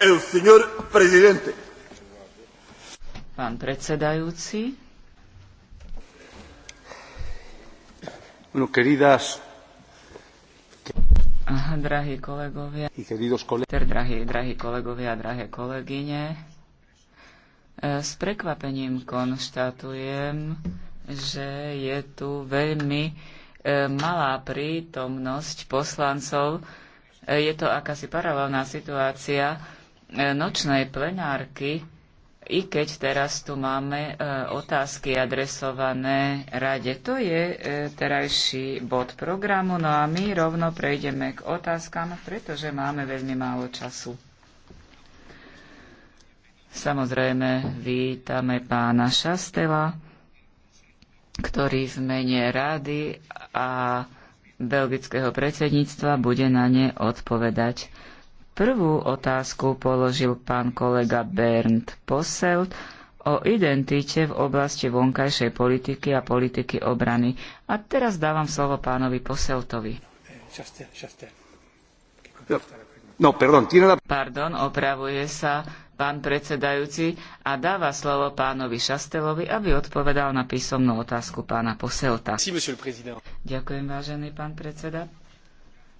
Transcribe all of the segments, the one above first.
El señor presidente. Pán predsedajúci. Bueno, queridas drahí kolegovia, drahí, drahí kolegovia, drahé kolegyne. E, s prekvapením konštatujem, že je tu veľmi e, malá prítomnosť poslancov. E, je to akási paralelná situácia E, nočnej plenárky, i keď teraz tu máme e, otázky adresované rade. To je e, terajší bod programu, no a my rovno prejdeme k otázkam, pretože máme veľmi málo času. Samozrejme, vítame pána Šastela, ktorý v mene rady a belgického predsedníctva bude na ne odpovedať. Prvú otázku položil pán kolega Bernd Posselt o identite v oblasti vonkajšej politiky a politiky obrany. A teraz dávam slovo pánovi Poseltovi. No, pardon, pardon, opravuje sa pán predsedajúci a dáva slovo pánovi Šastelovi, aby odpovedal na písomnú otázku pána Poselta. Ďakujem, vážený pán predseda.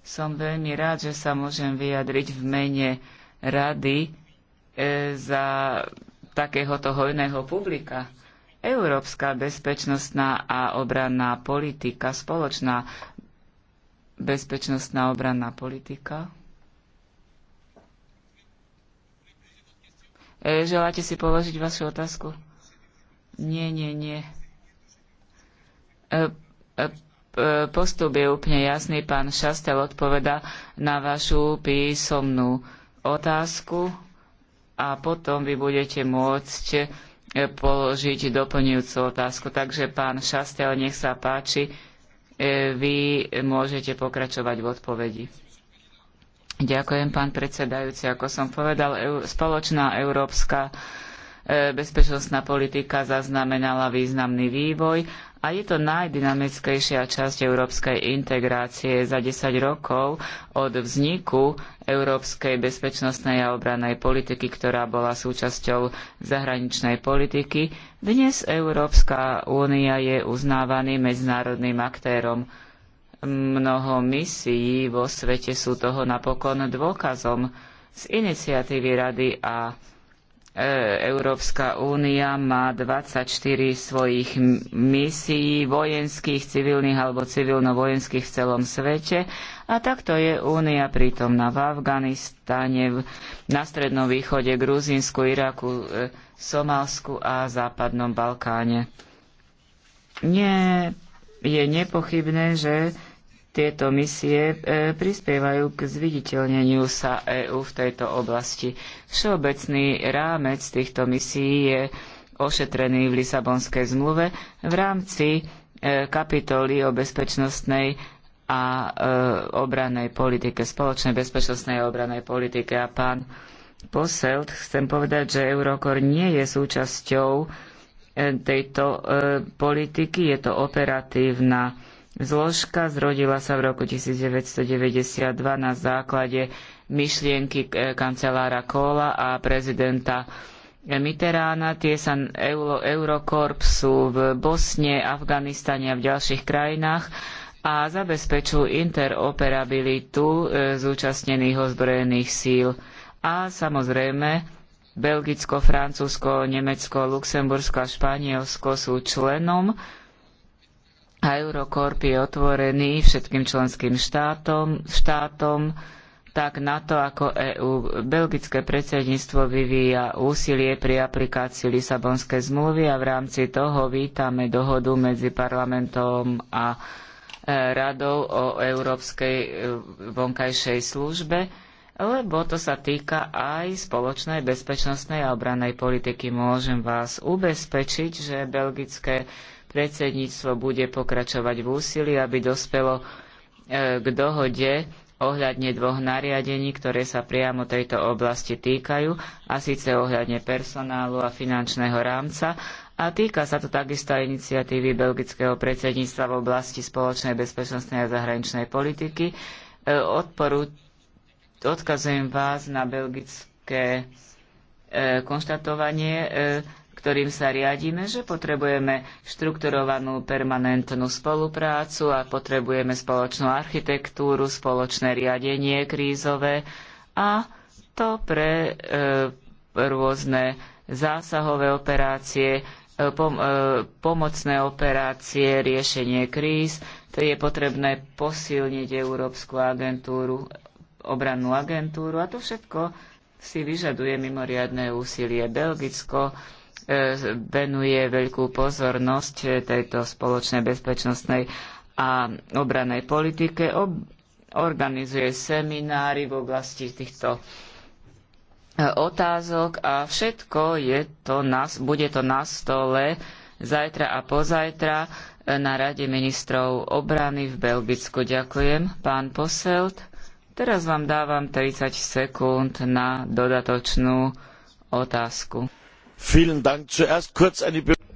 Som veľmi rád, že sa môžem vyjadriť v mene rady e, za takéhoto hojného publika. Európska bezpečnostná a obranná politika, spoločná bezpečnostná obranná politika. E, želáte si položiť vašu otázku? Nie, nie, nie. E, postup je úplne jasný. Pán Šastel odpoveda na vašu písomnú otázku a potom vy budete môcť e, položiť doplňujúcu otázku. Takže pán Šastel, nech sa páči, e, vy môžete pokračovať v odpovedi. Ďakujem, pán predsedajúci. Ako som povedal, spoločná európska e, bezpečnostná politika zaznamenala významný vývoj a je to najdynamickejšia časť európskej integrácie za 10 rokov od vzniku európskej bezpečnostnej a obrannej politiky, ktorá bola súčasťou zahraničnej politiky. Dnes Európska únia je uznávaným medzinárodným aktérom. Mnoho misií vo svete sú toho napokon dôkazom z iniciatívy Rady a E, Európska únia má 24 svojich misií vojenských, civilných alebo civilno-vojenských v celom svete a takto je únia prítomná v Afganistane, na Strednom východe, Gruzínsku, Iraku, e, Somálsku a Západnom Balkáne. Nie, je nepochybné, že tieto misie e, prispievajú k zviditeľneniu sa EÚ v tejto oblasti. Všeobecný rámec týchto misií je ošetrený v Lisabonskej zmluve v rámci e, kapitoly o bezpečnostnej a e, obranej politike, spoločnej bezpečnostnej a obranej politike. A pán Poselt, chcem povedať, že Eurokor nie je súčasťou tejto politiky, je to operatívna Zložka zrodila sa v roku 1992 na základe myšlienky e, kancelára Kola a prezidenta Mitterána. Tie sa Eurokorp sú v Bosne, Afganistane a v ďalších krajinách a zabezpečujú interoperabilitu e, zúčastnených ozbrojených síl. A samozrejme, Belgicko, Francúzsko, Nemecko, Luxembursko a Španielsko sú členom a Eurokorp je otvorený všetkým členským štátom, štátom tak NATO ako EÚ. Belgické predsedníctvo vyvíja úsilie pri aplikácii Lisabonskej zmluvy a v rámci toho vítame dohodu medzi parlamentom a e, radou o Európskej e, vonkajšej službe, lebo to sa týka aj spoločnej bezpečnostnej a obranej politiky. Môžem vás ubezpečiť, že belgické Predsedníctvo bude pokračovať v úsilí, aby dospelo e, k dohode ohľadne dvoch nariadení, ktoré sa priamo tejto oblasti týkajú, a síce ohľadne personálu a finančného rámca. A týka sa to takisto iniciatívy belgického predsedníctva v oblasti spoločnej bezpečnostnej a zahraničnej politiky. E, odporu, odkazujem vás na belgické e, konštatovanie ktorým sa riadíme, že potrebujeme štrukturovanú permanentnú spoluprácu a potrebujeme spoločnú architektúru, spoločné riadenie krízové a to pre e, rôzne zásahové operácie, e, pom, e, pomocné operácie, riešenie kríz. To je potrebné posilniť Európsku agentúru, obrannú agentúru a to všetko si vyžaduje mimoriadne úsilie Belgicko, E, venuje veľkú pozornosť e, tejto spoločnej bezpečnostnej a obranej politike. Ob- organizuje seminári v oblasti týchto e, otázok a všetko je to na, bude to na stole zajtra a pozajtra na Rade ministrov obrany v Belgicku. Ďakujem, pán Poselt. Teraz vám dávam 30 sekúnd na dodatočnú otázku.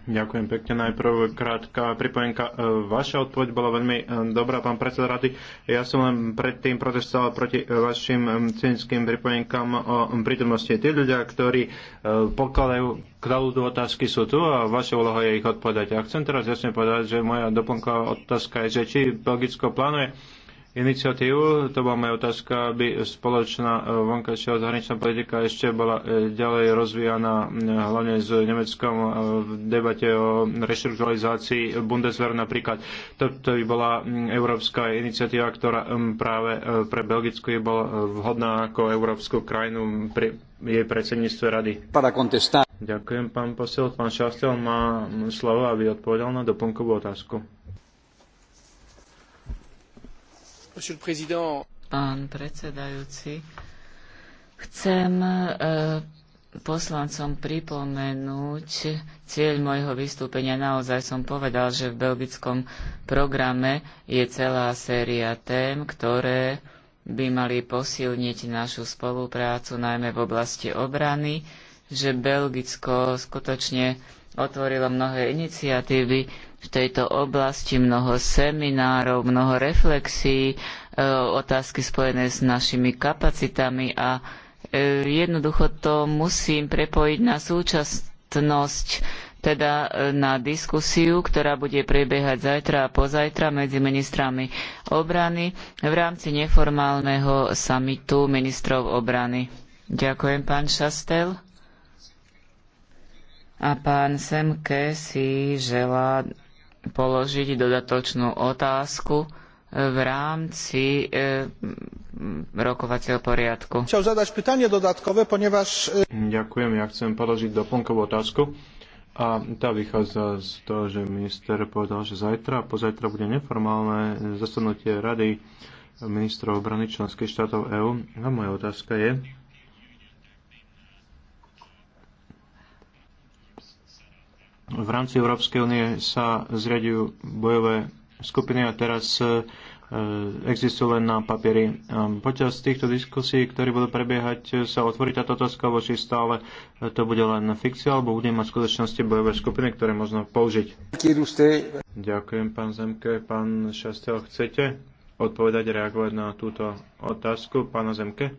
Ďakujem pekne. Najprv krátka pripomienka. Äh, vaša odpoveď bola veľmi äh, dobrá, pán predseda rady. Ja som len predtým protestoval proti äh, vašim ähm, cynickým pripomienkam o ähm, prítomnosti. Tí ľudia, ktorí pokladajú kladú otázky sú tu a vaša úloha je ich odpovedať. A chcem teraz jasne povedať, že moja doplnková otázka je, že či Belgicko plánuje iniciatívu. To bola moja otázka, aby spoločná e, vonkajšia zahraničná politika ešte bola e, ďalej rozvíjana, e, hlavne s Nemeckom v debate o reštrukturalizácii Bundeswehr napríklad. Toto by bola európska iniciatíva, ktorá práve pre Belgicku je bola vhodná ako európsku krajinu pri jej predsedníctve rady. Ďakujem, pán posel. Pán Šastel má slovo, aby odpovedal na doplnkovú otázku. Pán predsedajúci, chcem e, poslancom pripomenúť cieľ môjho vystúpenia. Naozaj som povedal, že v belgickom programe je celá séria tém, ktoré by mali posilniť našu spoluprácu, najmä v oblasti obrany, že Belgicko skutočne otvorilo mnohé iniciatívy v tejto oblasti, mnoho seminárov, mnoho reflexií, e, otázky spojené s našimi kapacitami a e, jednoducho to musím prepojiť na súčasnosť, teda e, na diskusiu, ktorá bude prebiehať zajtra a pozajtra medzi ministrami obrany v rámci neformálneho samitu ministrov obrany. Ďakujem, pán Šastel. A pán Semke si želá položiť dodatočnú otázku v rámci e, rokovacieho poriadku. Chcel zadať pytanie dodatkové, ponieważ... E, Ďakujem, ja chcem položiť doplnkovú otázku. A tá vychádza z toho, že minister povedal, že zajtra, pozajtra bude neformálne zasadnutie Rady ministrov obrany členských štátov EÚ. A moja otázka je, v rámci Európskej únie sa zriadujú bojové skupiny a teraz e, existujú len na papieri. E, počas týchto diskusí, ktoré budú prebiehať, e, sa otvorí táto otázka, či stále to bude len fikcia, alebo budeme mať v skutočnosti bojové skupiny, ktoré možno použiť. Ďakujem, pán Zemke. Pán Šastel, chcete odpovedať, reagovať na túto otázku pána Zemke?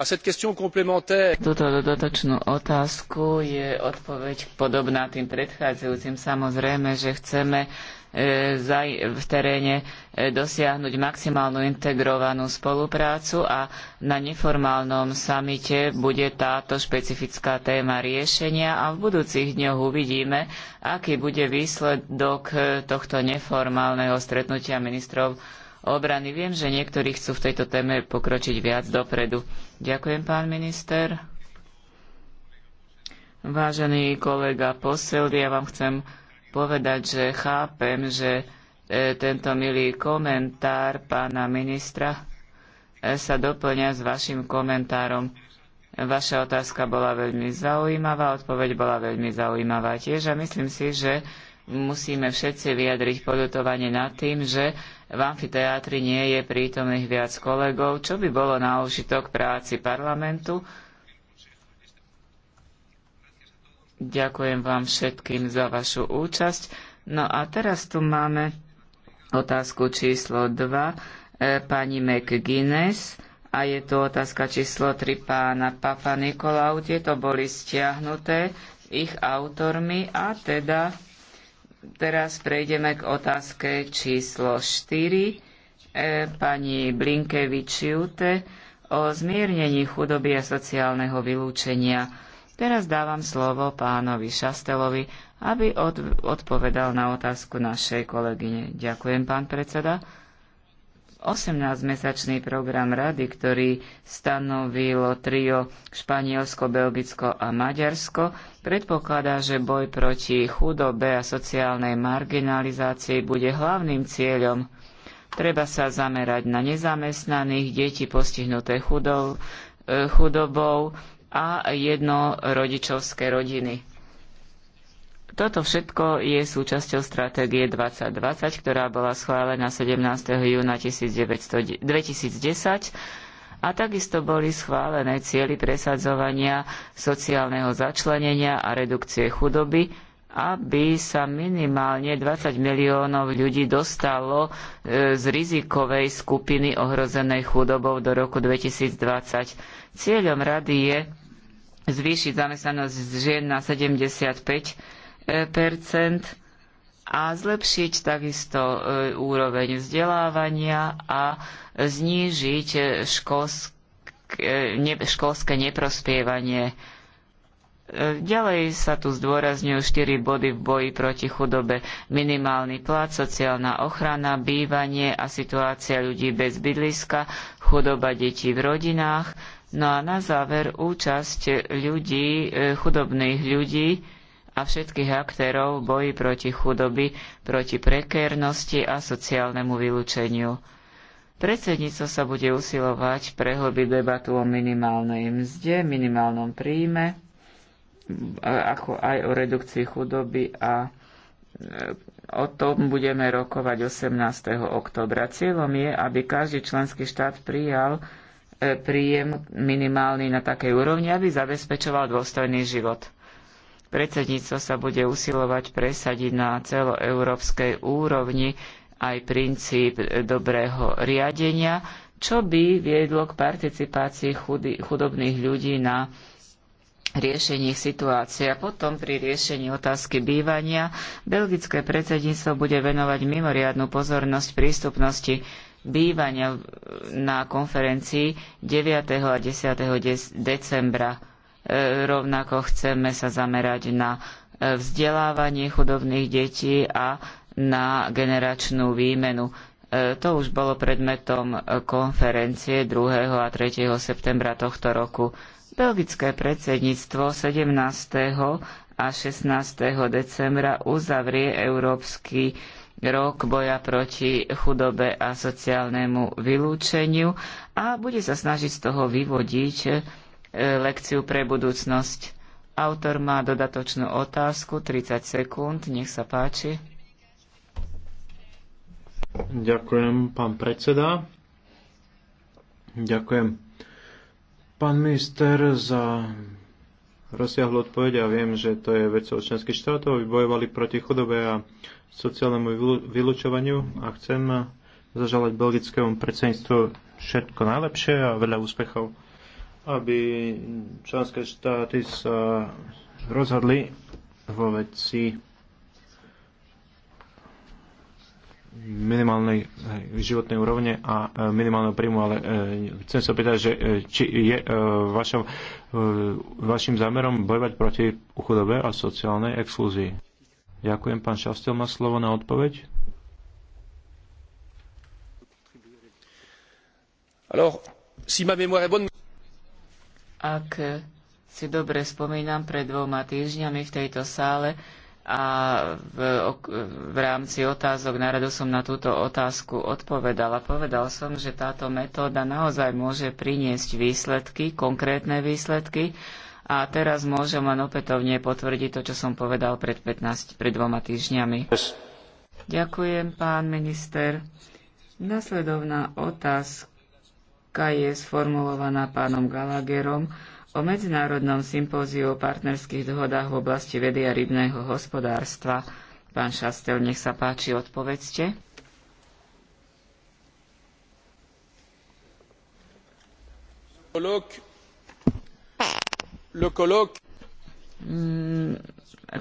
A cette question complémentaire... Túto dodatočnú otázku je odpoveď podobná tým predchádzajúcim. Samozrejme, že chceme e, v teréne e, dosiahnuť maximálnu integrovanú spoluprácu a na neformálnom samite bude táto špecifická téma riešenia a v budúcich dňoch uvidíme, aký bude výsledok e, tohto neformálneho stretnutia ministrov obrany. Viem, že niektorí chcú v tejto téme pokročiť viac dopredu. Ďakujem, pán minister. Vážený kolega Posel, ja vám chcem povedať, že chápem, že e, tento milý komentár pána ministra e, sa doplňa s vašim komentárom. Vaša otázka bola veľmi zaujímavá, odpoveď bola veľmi zaujímavá tiež a myslím si, že musíme všetci vyjadriť poľutovanie nad tým, že v amfiteátri nie je prítomných viac kolegov, čo by bolo na užitok práci parlamentu. Ďakujem vám všetkým za vašu účasť. No a teraz tu máme otázku číslo 2 e, pani McGuinness a je tu otázka číslo 3 pána Papa Nikolau. Tieto boli stiahnuté ich autormi a teda Teraz prejdeme k otázke číslo 4 e, pani Blinkevičiute o zmiernení chudoby a sociálneho vylúčenia. Teraz dávam slovo pánovi Šastelovi, aby odpovedal na otázku našej kolegyne. Ďakujem, pán predseda. 18-mesačný program rady, ktorý stanovilo trio Španielsko, Belgicko a Maďarsko, predpokladá, že boj proti chudobe a sociálnej marginalizácii bude hlavným cieľom. Treba sa zamerať na nezamestnaných, deti postihnuté eh, chudobou a jednorodičovské rodiny. Toto všetko je súčasťou stratégie 2020, ktorá bola schválená 17. júna 2010 a takisto boli schválené cieľy presadzovania sociálneho začlenenia a redukcie chudoby, aby sa minimálne 20 miliónov ľudí dostalo e, z rizikovej skupiny ohrozenej chudobou do roku 2020. Cieľom rady je zvýšiť zamestnanosť žien na 75 a zlepšiť takisto e, úroveň vzdelávania a znížiť školské, e, školské neprospievanie. E, ďalej sa tu zdôrazňujú štyri body v boji proti chudobe. Minimálny plat, sociálna ochrana, bývanie a situácia ľudí bez bydliska, chudoba detí v rodinách. No a na záver účasť ľudí, chudobných ľudí a všetkých aktérov v boji proti chudoby, proti prekérnosti a sociálnemu vylúčeniu. Predsedníctvo sa bude usilovať prehlbiť debatu o minimálnej mzde, minimálnom príjme, ako aj o redukcii chudoby a e, o tom budeme rokovať 18. oktobra. Cieľom je, aby každý členský štát prijal e, príjem minimálny na takej úrovni, aby zabezpečoval dôstojný život. Predsedníctvo sa bude usilovať presadiť na celoeurópskej úrovni aj princíp dobrého riadenia, čo by viedlo k participácii chudy, chudobných ľudí na riešení situácie. A potom pri riešení otázky bývania belgické predsedníctvo bude venovať mimoriadnu pozornosť prístupnosti bývania na konferencii 9. a 10. decembra E, rovnako chceme sa zamerať na e, vzdelávanie chudobných detí a na generačnú výmenu. E, to už bolo predmetom konferencie 2. a 3. septembra tohto roku. Belgické predsedníctvo 17. a 16. decembra uzavrie Európsky rok boja proti chudobe a sociálnemu vylúčeniu a bude sa snažiť z toho vyvodiť E, lekciu pre budúcnosť. Autor má dodatočnú otázku, 30 sekúnd, nech sa páči. Ďakujem, pán predseda. Ďakujem. Pán minister, za rozsiahlu odpoveď a viem, že to je vecou členských štátov, aby bojovali proti chudobe a sociálnemu vylúčovaniu a chcem zažalať belgickému predsedníctvu všetko najlepšie a veľa úspechov aby členské štáty sa rozhodli vo veci minimálnej životnej úrovne a e, minimálneho príjmu, ale e, chcem sa pýtať, že e, či je vašom, vašim zámerom bojovať proti chudobe a sociálnej exklúzii. Ďakujem, pán Šastel má slovo na odpoveď. Alors, si ma mémoire est bonne... Ak si dobre spomínam, pred dvoma týždňami v tejto sále a v, v rámci otázok na radu som na túto otázku odpovedala. Povedal som, že táto metóda naozaj môže priniesť výsledky, konkrétne výsledky a teraz môžem len opätovne potvrdiť to, čo som povedal pred, 15, pred dvoma týždňami. Ďakujem, pán minister. Nasledovná otázka otázka je sformulovaná pánom galagerom o medzinárodnom sympóziu o partnerských dohodách v oblasti vedy a rybného hospodárstva. Pán Šastel, nech sa páči, odpovedzte. Le colloque Mm,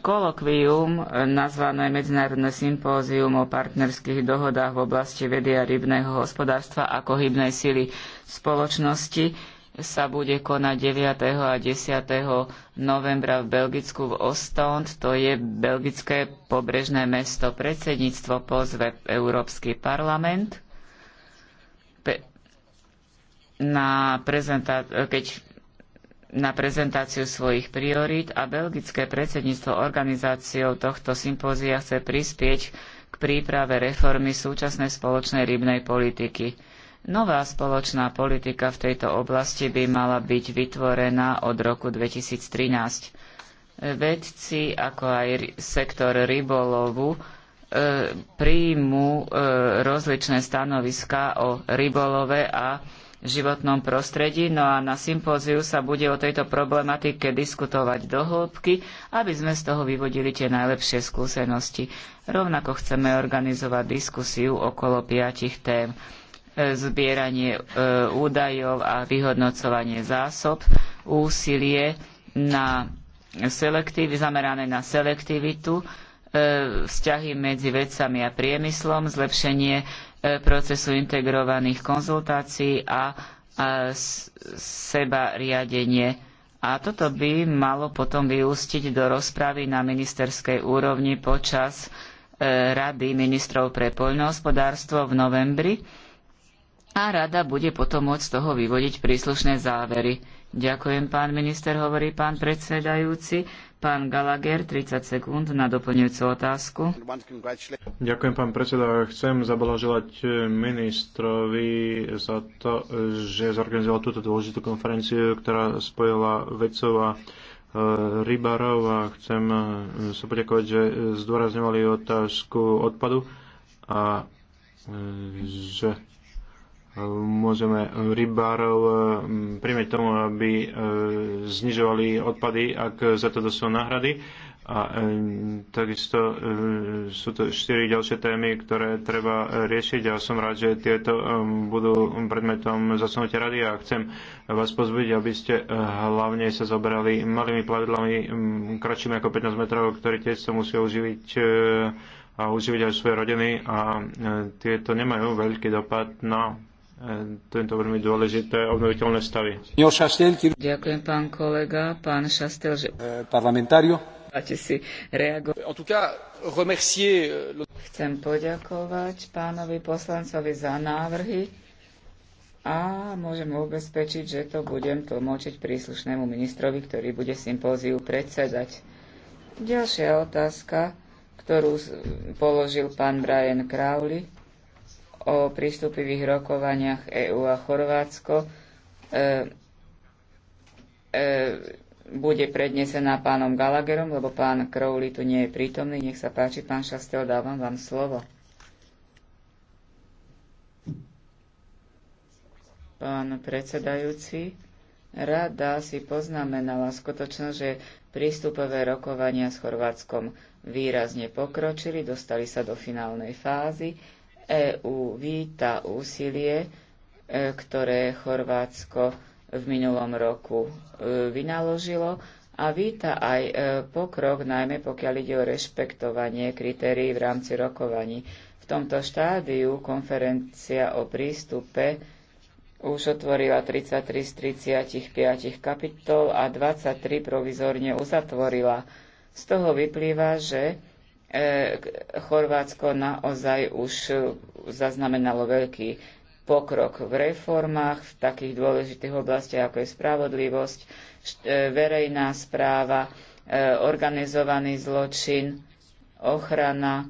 kolokvium nazvané Medzinárodné sympózium o partnerských dohodách v oblasti vedy a rybného hospodárstva ako hybnej sily spoločnosti sa bude konať 9. a 10. novembra v Belgicku v Ostend. To je belgické pobrežné mesto. Predsedníctvo pozve Európsky parlament na prezentá- keď na prezentáciu svojich priorít a belgické predsedníctvo organizáciou tohto sympózia chce prispieť k príprave reformy súčasnej spoločnej rybnej politiky. Nová spoločná politika v tejto oblasti by mala byť vytvorená od roku 2013. Vedci, ako aj sektor rybolovu, e, príjmu e, rozličné stanoviská o rybolove a životnom prostredí, no a na sympóziu sa bude o tejto problematike diskutovať do hĺbky, aby sme z toho vyvodili tie najlepšie skúsenosti. Rovnako chceme organizovať diskusiu okolo piatich tém e, zbieranie e, údajov a vyhodnocovanie zásob, úsilie na selektiv, zamerané na selektivitu, e, vzťahy medzi vedcami a priemyslom, zlepšenie E, procesu integrovaných konzultácií a, sebariadenie. seba riadenie. A toto by malo potom vyústiť do rozpravy na ministerskej úrovni počas e, Rady ministrov pre poľnohospodárstvo v novembri a rada bude potom môcť z toho vyvodiť príslušné závery. Ďakujem, pán minister, hovorí pán predsedajúci. Pán Gallagher, 30 sekúnd na doplňujúcu otázku. Ďakujem, pán predseda. Chcem zablaželať eh, ministrovi za to, že zorganizoval túto dôležitú konferenciu, ktorá spojila vedcov a eh, rybárov a chcem eh, sa poďakovať, že zdôrazňovali otázku odpadu a že môžeme rybárov e, prímeť tomu, aby e, znižovali odpady, ak za to dosú náhrady. A e, takisto sú to štyri ďalšie témy, ktoré treba riešiť a som rád, že tieto budú predmetom zasunutia rady a chcem vás pozbudiť, aby ste hlavne sa zoberali malými plavidlami, kratšími ako 15 metrov, ktoré tiež sa musia uživiť a uživiť aj svoje rodiny a tieto nemajú veľký dopad na tento veľmi dôležité obnoviteľné stavy. Ďakujem, pán kolega. Pán Šastel, že... Eh, Máte Si reagovať. Eh, Chcem poďakovať pánovi poslancovi za návrhy a môžem ubezpečiť, že to budem tlmočiť príslušnému ministrovi, ktorý bude sympóziu predsedať. Ďalšia otázka, ktorú položil pán Brian Crowley o prístupivých rokovaniach EÚ a Chorvátsko e, e, bude prednesená pánom Gallagherom, lebo pán Crowley tu nie je prítomný. Nech sa páči, pán Šastel, dávam vám slovo. Pán predsedajúci, rada si poznamenala skutočnosť, že prístupové rokovania s Chorvátskom výrazne pokročili, dostali sa do finálnej fázy EÚ víta úsilie, e, ktoré Chorvátsko v minulom roku e, vynaložilo a víta aj e, pokrok, najmä pokiaľ ide o rešpektovanie kritérií v rámci rokovaní. V tomto štádiu konferencia o prístupe už otvorila 33 z 35 kapitol a 23 provizorne uzatvorila. Z toho vyplýva, že E, Chorvátsko naozaj už e, zaznamenalo veľký pokrok v reformách v takých dôležitých oblastiach, ako je spravodlivosť, e, verejná správa, organizovaný zločin, ochrana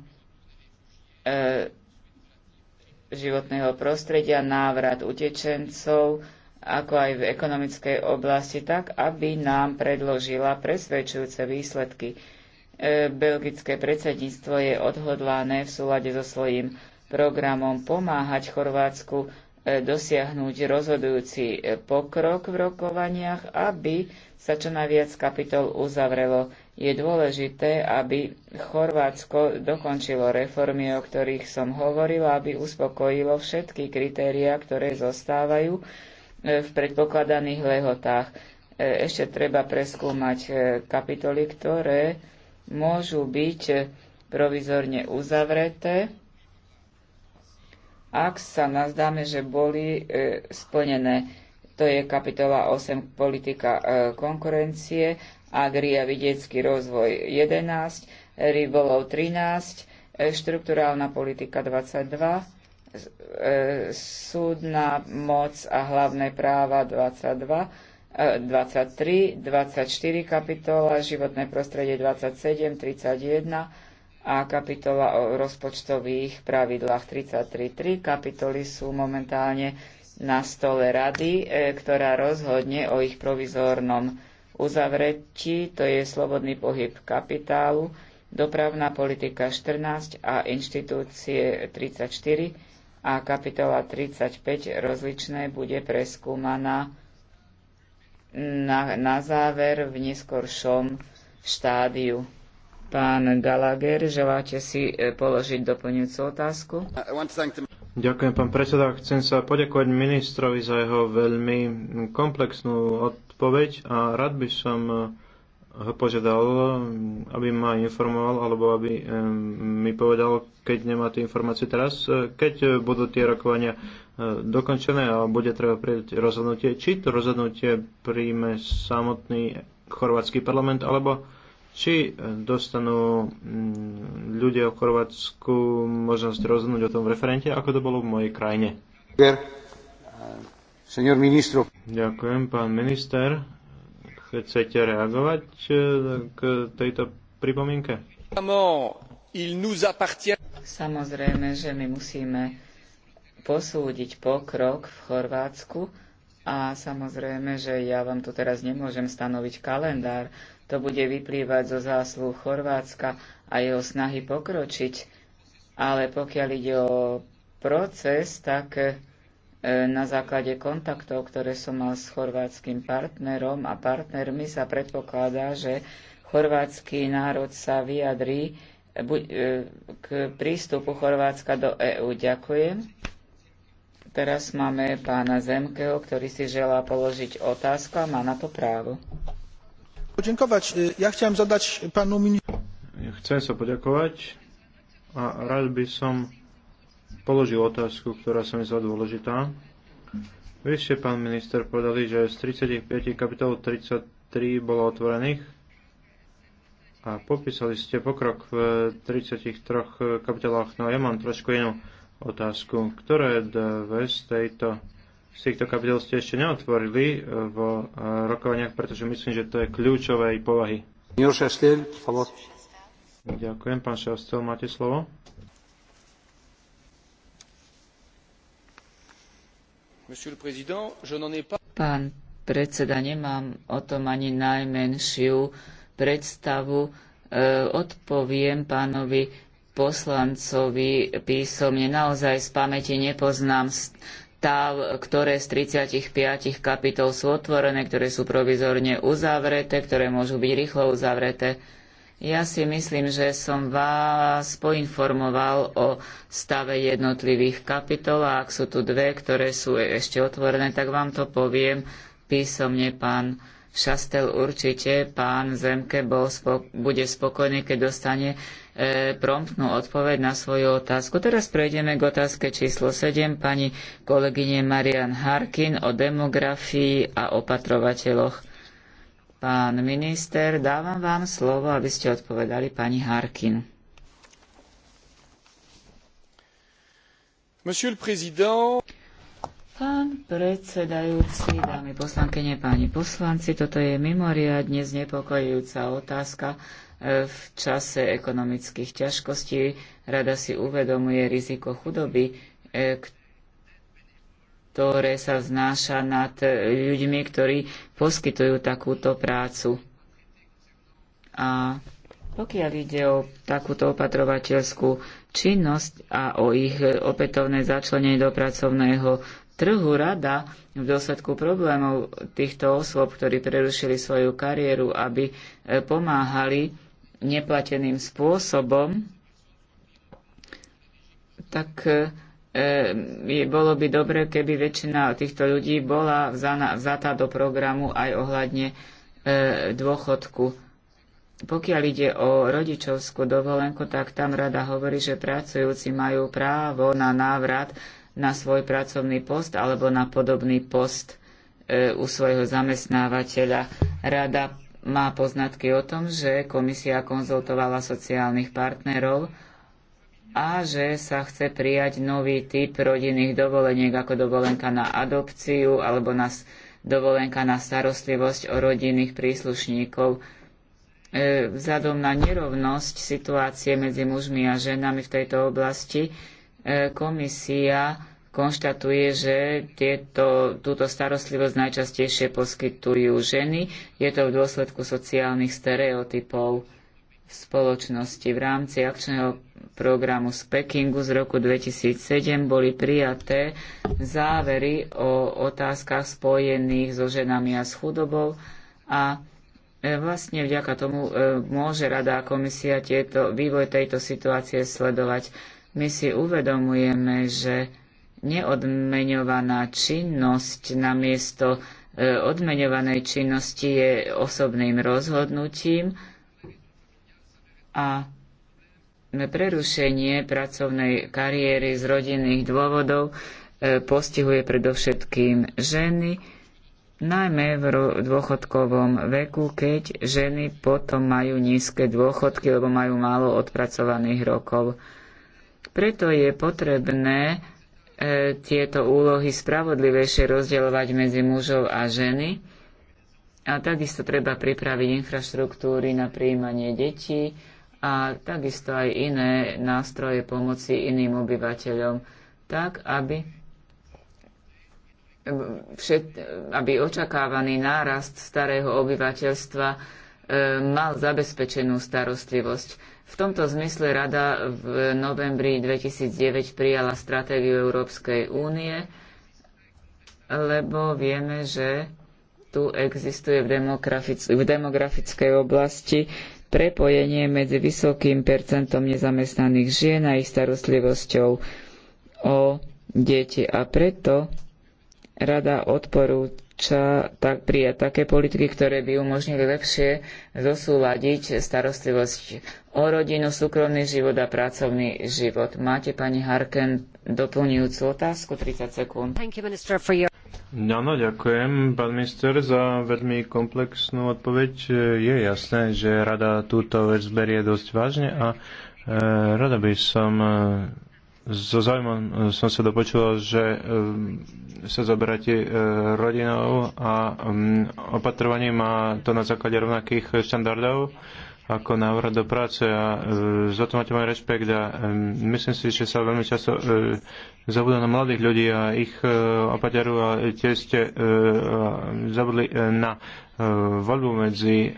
životného prostredia, návrat utečencov, ako aj v ekonomickej oblasti, tak aby nám predložila presvedčujúce výsledky. E, belgické predsedníctvo je odhodlané v súlade so svojím programom pomáhať Chorvátsku e, dosiahnuť rozhodujúci e, pokrok v rokovaniach, aby sa čo najviac kapitol uzavrelo. Je dôležité, aby Chorvátsko dokončilo reformy, o ktorých som hovorila, aby uspokojilo všetky kritériá, ktoré zostávajú v predpokladaných lehotách. Ešte treba preskúmať kapitoly, ktoré môžu byť provizorne uzavreté, ak sa nazdáme, že boli e, splnené. To je kapitola 8 politika e, konkurencie, agria vidiecký rozvoj 11, rybolov 13, e, štrukturálna politika 22, e, súdna moc a hlavné práva 22, 23, 24 kapitola, životné prostredie 27, 31 a kapitola o rozpočtových pravidlách 33.3. Kapitoly sú momentálne na stole rady, e, ktorá rozhodne o ich provizórnom uzavretí, to je slobodný pohyb kapitálu, dopravná politika 14 a inštitúcie 34 a kapitola 35 rozličné bude preskúmaná na, na záver v neskoršom štádiu. Pán Gallagher, želáte si e, položiť doplňujúcu otázku? Ďakujem, pán predseda. Chcem sa poďakovať ministrovi za jeho veľmi komplexnú odpoveď a rád by som e, ho požiadal, aby ma informoval, alebo aby mi povedal, keď nemá tie informácie teraz, e, keď budú tie rokovania dokončené a bude treba prijať rozhodnutie, či to rozhodnutie príjme samotný chorvátsky parlament, alebo či e, dostanú mm, ľudia v Chorvátsku možnosť rozhodnúť o tom v referente, ako to bolo v mojej krajine. E, Ďakujem, pán minister. Chcete reagovať e, k tejto pripomienke? Samozrejme, že my musíme posúdiť pokrok v Chorvátsku a samozrejme, že ja vám tu teraz nemôžem stanoviť kalendár. To bude vyplývať zo záslu Chorvátska a jeho snahy pokročiť. Ale pokiaľ ide o proces, tak e, na základe kontaktov, ktoré som mal s chorvátským partnerom a partnermi, sa predpokladá, že chorvátsky národ sa vyjadrí e, k prístupu Chorvátska do EÚ. Ďakujem. Teraz máme pána Zemkeho, ktorý si želá položiť otázku a má na to právo. Poďakovať. Ja chcem zadať pánu Chcem sa poďakovať a rád by som položil otázku, ktorá sa mi zdá dôležitá. Vy ste, pán minister, povedali, že z 35 kapitol 33 bolo otvorených a popísali ste pokrok v 33 kapitolách. No ja mám trošku inú otázku. Ktoré dve z, tejto, z týchto kapitol ste ešte neotvorili v eh, rokovaniach, pretože myslím, že to je kľúčovej povahy. Ďakujem, pán Šastel, máte slovo. Pán predseda, nemám o tom ani najmenšiu predstavu. Eh, odpoviem pánovi poslancovi písomne. Naozaj z pamäti nepoznám stav, ktoré z 35 kapitol sú otvorené, ktoré sú provizorne uzavreté, ktoré môžu byť rýchlo uzavreté. Ja si myslím, že som vás poinformoval o stave jednotlivých kapitol a ak sú tu dve, ktoré sú ešte otvorené, tak vám to poviem písomne, pán Šastel. Určite pán Zemke bol, bude spokojný, keď dostane E, promptnú odpoveď na svoju otázku. Teraz prejdeme k otázke číslo 7 pani kolegyne Marian Harkin o demografii a opatrovateľoch. Pán minister, dávam vám slovo, aby ste odpovedali pani Harkin. Monsieur le Président, Pán predsedajúci, dámy poslankyne, páni poslanci, toto je mimoriadne znepokojujúca otázka e, v čase ekonomických ťažkostí. Rada si uvedomuje riziko chudoby, e, ktoré sa vznáša nad ľuďmi, ktorí poskytujú takúto prácu. A pokiaľ ide o takúto opatrovateľskú činnosť a o ich opätovné začlenenie do pracovného trhu rada v dôsledku problémov týchto osôb, ktorí prerušili svoju kariéru, aby e, pomáhali neplateným spôsobom, tak e, e bolo by dobre, keby väčšina týchto ľudí bola vzana, vzatá do programu aj ohľadne e, dôchodku. Pokiaľ ide o rodičovskú dovolenku, tak tam rada hovorí, že pracujúci majú právo na návrat na svoj pracovný post alebo na podobný post e, u svojho zamestnávateľa. Rada má poznatky o tom, že komisia konzultovala sociálnych partnerov a že sa chce prijať nový typ rodinných dovoleniek ako dovolenka na adopciu alebo na dovolenka na starostlivosť o rodinných príslušníkov. E, vzhľadom na nerovnosť situácie medzi mužmi a ženami v tejto oblasti e, komisia konštatuje, že tieto, túto starostlivosť najčastejšie poskytujú ženy. Je to v dôsledku sociálnych stereotypov v spoločnosti. V rámci akčného programu z Pekingu z roku 2007 boli prijaté závery o otázkach spojených so ženami a s chudobou a e, vlastne vďaka tomu e, môže Rada a komisia tieto, vývoj tejto situácie sledovať. My si uvedomujeme, že neodmeňovaná činnosť namiesto e, odmeňovanej činnosti je osobným rozhodnutím a prerušenie pracovnej kariéry z rodinných dôvodov e, postihuje predovšetkým ženy, najmä v dôchodkovom veku, keď ženy potom majú nízke dôchodky, lebo majú málo odpracovaných rokov. Preto je potrebné E, tieto úlohy spravodlivejšie rozdeľovať medzi mužov a ženy. A takisto treba pripraviť infraštruktúry na príjmanie detí a takisto aj iné nástroje pomoci iným obyvateľom, tak aby, všet, aby očakávaný nárast starého obyvateľstva e, mal zabezpečenú starostlivosť. V tomto zmysle Rada v novembri 2009 prijala stratégiu Európskej únie, lebo vieme, že tu existuje v, demografic- v demografickej oblasti prepojenie medzi vysokým percentom nezamestnaných žien a ich starostlivosťou o deti. A preto rada odporúča tak prijať také politiky, ktoré by umožnili lepšie zosúladiť starostlivosť o rodinu, súkromný život a pracovný život. Máte, pani Harken, doplňujúcu otázku, 30 sekúnd. Áno, ďakujem, pán minister, za veľmi komplexnú odpoveď. Je jasné, že rada túto vec berie dosť vážne a e, rada by som e, so zaujímavým e, som sa dopočul, že sa zoberáte rodinou a opatrovaním a to na základe rovnakých štandardov ako návrat do práce a e, za to máte môj rešpekt a e, myslím si, že sa veľmi často e, zabudú na mladých ľudí a ich e, opaťaru a tie ste e, zabudli e, na e, voľbu medzi e,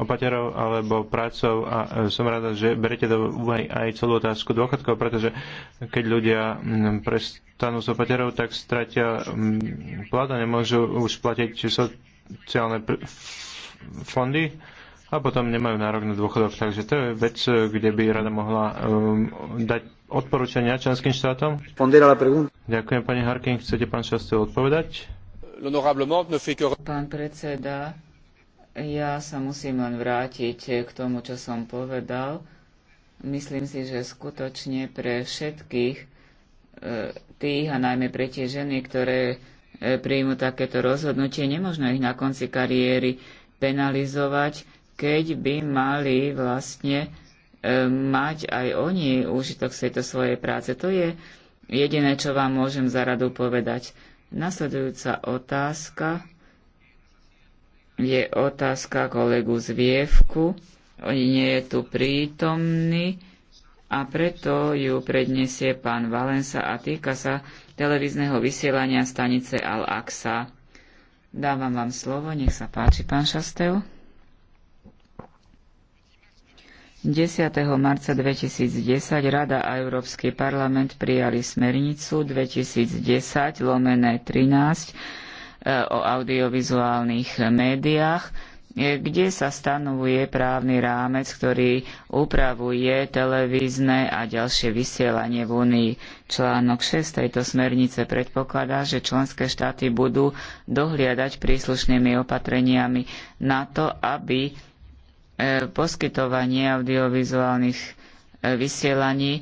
opaťarou alebo prácou a e, som rada, že berete do úvahy aj celú otázku dôchodkov, pretože keď ľudia prestanú s opaťarou, tak stratia m, plat a nemôžu už platiť sociálne fondy a potom nemajú nárok na dôchodok. Takže to je vec, kde by rada mohla um, dať odporúčania členským štátom. Ďakujem, pani Harkin. Chcete, pán Šastu, odpovedať? Pán predseda, ja sa musím len vrátiť k tomu, čo som povedal. Myslím si, že skutočne pre všetkých e, tých a najmä pre tie ženy, ktoré e, príjmu takéto rozhodnutie, nemožno ich na konci kariéry penalizovať, keď by mali vlastne e, mať aj oni úžitok z tejto svojej práce. To je jediné, čo vám môžem za radu povedať. Nasledujúca otázka je otázka kolegu z Vievku. Nie je tu prítomný a preto ju predniesie pán Valensa a týka sa televízneho vysielania stanice Al-Aqsa. Dávam vám slovo, nech sa páči, pán Šastel. 10. marca 2010 Rada a Európsky parlament prijali smernicu 2010 lomené 13 e, o audiovizuálnych médiách, e, kde sa stanovuje právny rámec, ktorý upravuje televízne a ďalšie vysielanie v Únii. Článok 6 tejto smernice predpokladá, že členské štáty budú dohliadať príslušnými opatreniami na to, aby E, poskytovanie audiovizuálnych e, vysielaní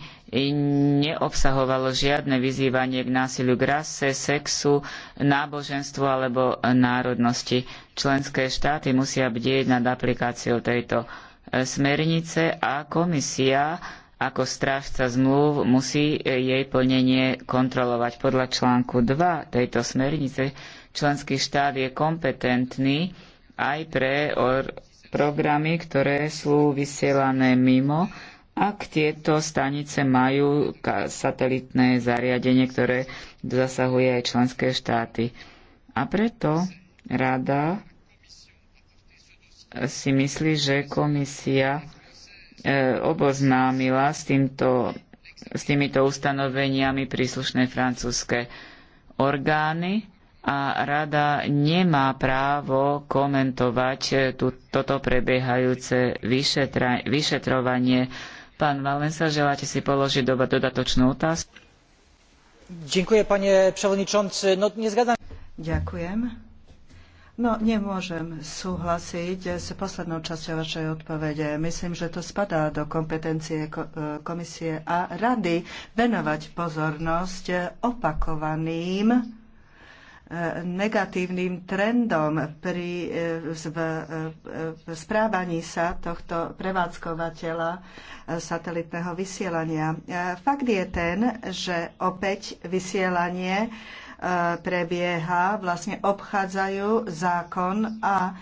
neobsahovalo žiadne vyzývanie k násiliu k rase, sexu, náboženstvu alebo národnosti. Členské štáty musia bdieť nad aplikáciou tejto e, smernice a komisia ako strážca zmluv musí jej plnenie kontrolovať. Podľa článku 2 tejto smernice členský štát je kompetentný aj pre or- programy, ktoré sú vysielané mimo, ak tieto stanice majú satelitné zariadenie, ktoré zasahuje aj členské štáty. A preto rada si myslí, že komisia e, oboznámila s, týmto, s týmito ustanoveniami príslušné francúzske orgány a rada nemá právo komentovať e, tú, toto prebiehajúce vyšetra, vyšetrovanie. Pán Valensa, želáte si položiť doba dodatočnú otázku? Ďakujem, No, Ďakujem. No, nemôžem súhlasiť s poslednou časťou vašej odpovede. Myslím, že to spadá do kompetencie e, komisie a rady venovať pozornosť opakovaným negatívnym trendom pri e, v, e, v správaní sa tohto prevádzkovateľa e, satelitného vysielania. Fakt je ten, že opäť vysielanie prebieha, vlastne obchádzajú zákon a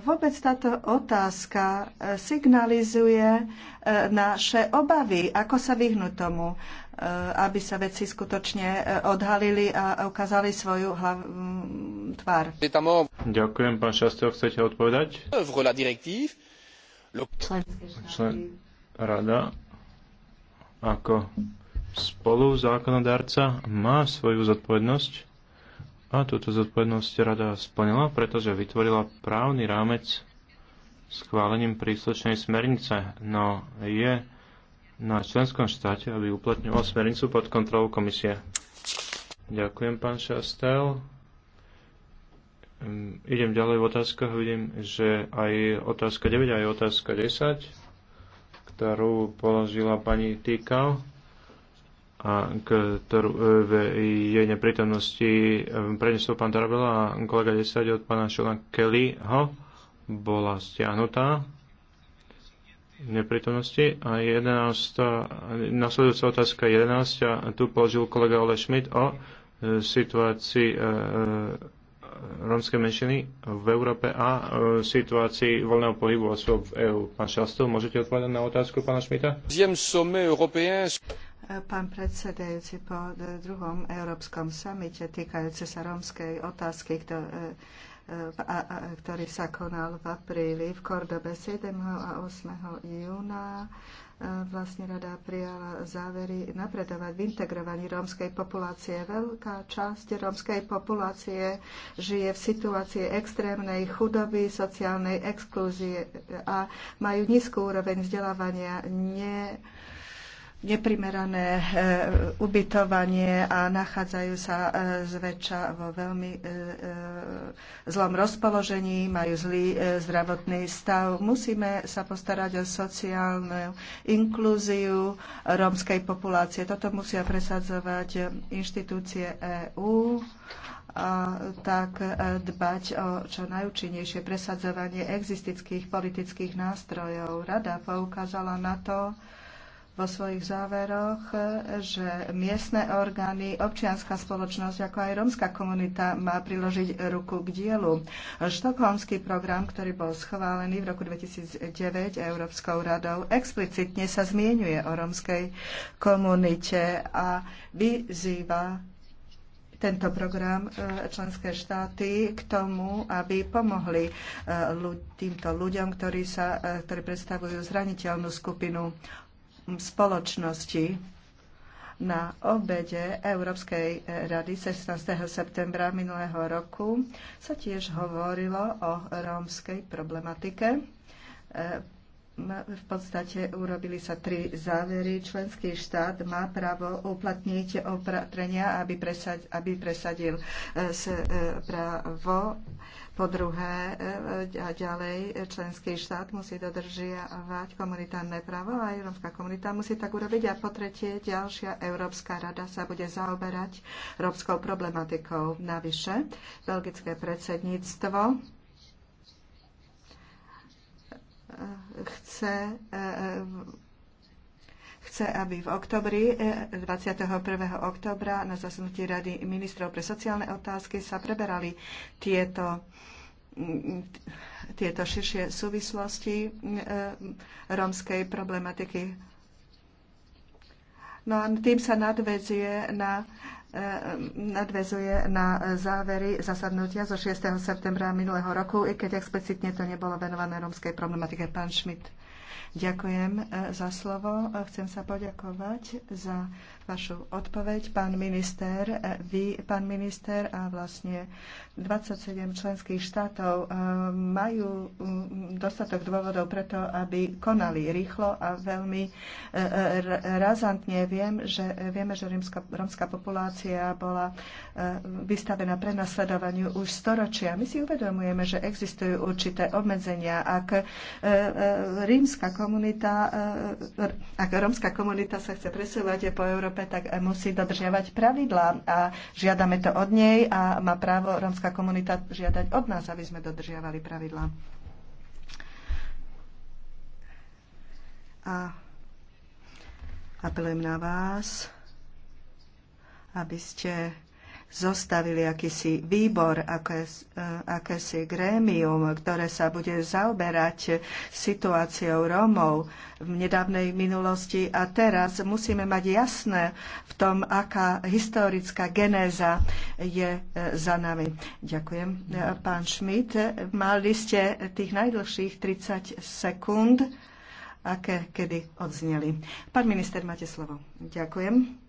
vôbec táto otázka signalizuje naše obavy, ako sa vyhnúť tomu. Eh, aby sa veci skutočne eh, odhalili a ukázali svoju hlav... Mm, tvár. Ďakujem, pán chcete odpovedať? Člen... Rada ako spolu zákonodárca má svoju zodpovednosť a túto zodpovednosť rada splnila, pretože vytvorila právny rámec schválením príslušnej smernice, no je na členskom štáte, aby uplatňoval smernicu pod kontrolou komisie. Ďakujem, pán Šastel. Hm, idem ďalej v otázkach. Vidím, že aj otázka 9, aj otázka 10, ktorú položila pani Týkal a ktorú e, v jej neprítomnosti e, prenesol pán Tarabela a kolega 10 od pána Šona Kellyho bola stiahnutá neprítomnosti. A 11, nasledujúca otázka 11, a tu položil kolega Ole Schmidt o e, situácii e, e, rómskej menšiny v Európe a situácii voľného pohybu osôb v EÚ. Pán Šastov, môžete odpovedať na otázku pána Schmidta? Pán predsedajúci, po druhom európskom samite týkajúce sa rómskej otázky, kto, ktorý sa konal v apríli v Kordobe 7. a 8. júna. E, vlastne rada prijala závery napredovať v integrovaní rómskej populácie. Veľká časť rómskej populácie žije v situácii extrémnej chudoby, sociálnej exklúzie a majú nízku úroveň vzdelávania, ne, neprimerané e, ubytovanie a nachádzajú sa e, zväčša vo veľmi e, zlom rozpoložení, majú zlý zdravotný stav. Musíme sa postarať o sociálnu inklúziu rómskej populácie. Toto musia presadzovať inštitúcie EÚ a tak dbať o čo najúčinnejšie presadzovanie existických politických nástrojov. Rada poukázala na to, vo svojich záveroch, že miestne orgány, občianská spoločnosť, ako aj rómska komunita má priložiť ruku k dielu. Štokholmský program, ktorý bol schválený v roku 2009 Európskou radou, explicitne sa zmienuje o rómskej komunite a vyzýva tento program e, členské štáty k tomu, aby pomohli e, týmto ľuďom, ktorí, sa, e, ktorí predstavujú zraniteľnú skupinu spoločnosti. Na obede Európskej rady 16. septembra minulého roku sa tiež hovorilo o rómskej problematike v podstate urobili sa tri závery. Členský štát má právo uplatniť opatrenia, aby, presad, aby presadil e, e, právo. Po druhé, e, a ďalej, členský štát musí dodržiavať komunitárne právo a európska komunita musí tak urobiť. A po tretie, ďalšia Európska rada sa bude zaoberať rómskou problematikou. Navyše, belgické predsedníctvo chce eh, chce, aby v oktobri, 21. Eh, oktobra na zasnutí Rady ministrov pre sociálne otázky sa preberali tieto mm, tieto širšie súvislosti eh, rómskej problematiky. No a tým sa nadvedzie na Eh, nadvezuje na závery zasadnutia zo 6. septembra minulého roku, i keď explicitne to nebolo venované rómskej problematike. Pán Schmidt, ďakujem eh, za slovo. Chcem sa poďakovať za vašu odpoveď, pán minister. Vy, pán minister, a vlastne 27 členských štátov eh, majú mm, dostatok dôvodov preto, aby konali rýchlo a veľmi eh, razantne. Viem, že, vieme, že rímska, rómska populácia bola eh, vystavená prenasledovaniu už storočia. My si uvedomujeme, že existujú určité obmedzenia. Ak rímska komunita, ak rómska komunita sa chce presúvať po Európe, Európe, tak musí dodržiavať pravidlá a žiadame to od nej a má právo rómska komunita žiadať od nás, aby sme dodržiavali pravidlá. A apelujem na vás, aby ste zostavili akýsi výbor, eh, akési grémium, ktoré sa bude zaoberať situáciou Rómov v nedávnej minulosti a teraz musíme mať jasné v tom, aká historická genéza je eh, za nami. Ďakujem. Eh, pán Schmidt, mali ste tých najdlhších 30 sekúnd aké kedy odzneli. Pán minister, máte slovo. Ďakujem.